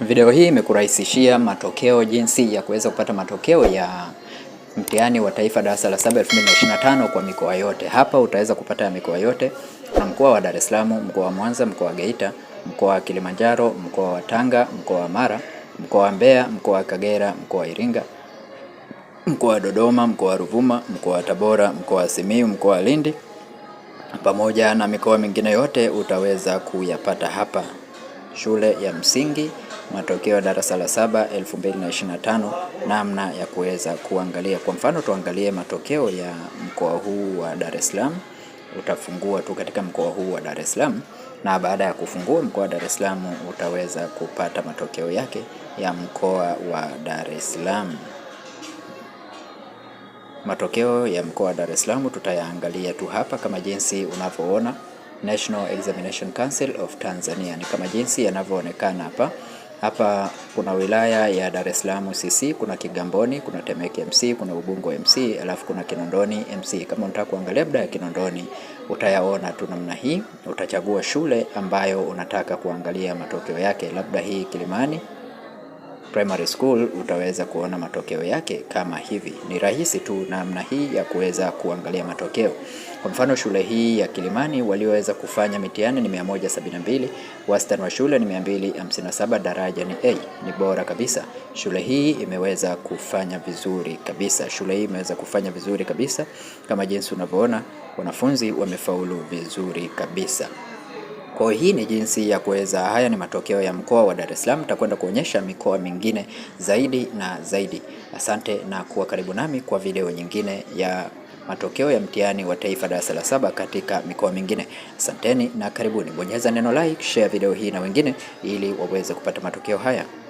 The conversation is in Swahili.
Video hii imekurahisishia matokeo, jinsi ya kuweza kupata matokeo ya mtihani wa taifa darasa la 7 2025 kwa mikoa yote. Hapa utaweza kupata ya mikoa yote, kuna mkoa wa Dar es Salaam, mkoa wa Mwanza, mkoa wa Geita, mkoa wa Kilimanjaro, mkoa wa Tanga, mkoa wa Mara, mkoa wa Mbeya, mkoa wa Kagera, mkoa wa Iringa, mkoa wa Dodoma, mkoa wa Ruvuma, mkoa wa Tabora, mkoa wa Simiyu, mkoa wa Lindi pamoja na mikoa mingine yote utaweza kuyapata hapa. Shule ya msingi matokeo ya darasa la saba 2025 namna ya kuweza kuangalia. Kwa mfano tuangalie matokeo ya mkoa huu wa Dar es Salaam. Utafungua tu katika mkoa huu wa Dar es Salaam, na baada ya kufungua mkoa wa Dar es Salaam utaweza kupata matokeo yake ya mkoa wa Dar es Salaam. Matokeo ya mkoa wa Dar es Salaam tutayaangalia tu hapa kama jinsi unavyoona National Examination Council of Tanzania, ni kama jinsi yanavyoonekana hapa. Hapa kuna wilaya ya Dar es Salaam CC, kuna Kigamboni, kuna Temeke MC, kuna Ubungo MC, alafu kuna Kinondoni MC. Kama unataka kuangalia labda ya Kinondoni utayaona tu namna hii, utachagua shule ambayo unataka kuangalia matokeo yake, labda hii Kilimani primary school utaweza kuona matokeo yake kama hivi. Ni rahisi tu namna hii ya kuweza kuangalia matokeo. Kwa mfano shule hii ya Kilimani walioweza kufanya mitihani ni 172, wastani wa shule ni 257, daraja ni A, ni bora kabisa. Shule hii imeweza kufanya vizuri kabisa. Shule hii imeweza kufanya vizuri kabisa, kama jinsi unavyoona wanafunzi wamefaulu vizuri kabisa. Kwa hii ni jinsi ya kuweza, haya ni matokeo ya mkoa wa Dar es Salaam. Tutakwenda kuonyesha mikoa mingine zaidi na zaidi. Asante na kuwa karibu nami kwa video nyingine ya matokeo ya mtihani wa taifa darasa la saba katika mikoa mingine. Asanteni na karibuni. Bonyeza neno like, share video hii na wengine ili waweze kupata matokeo haya.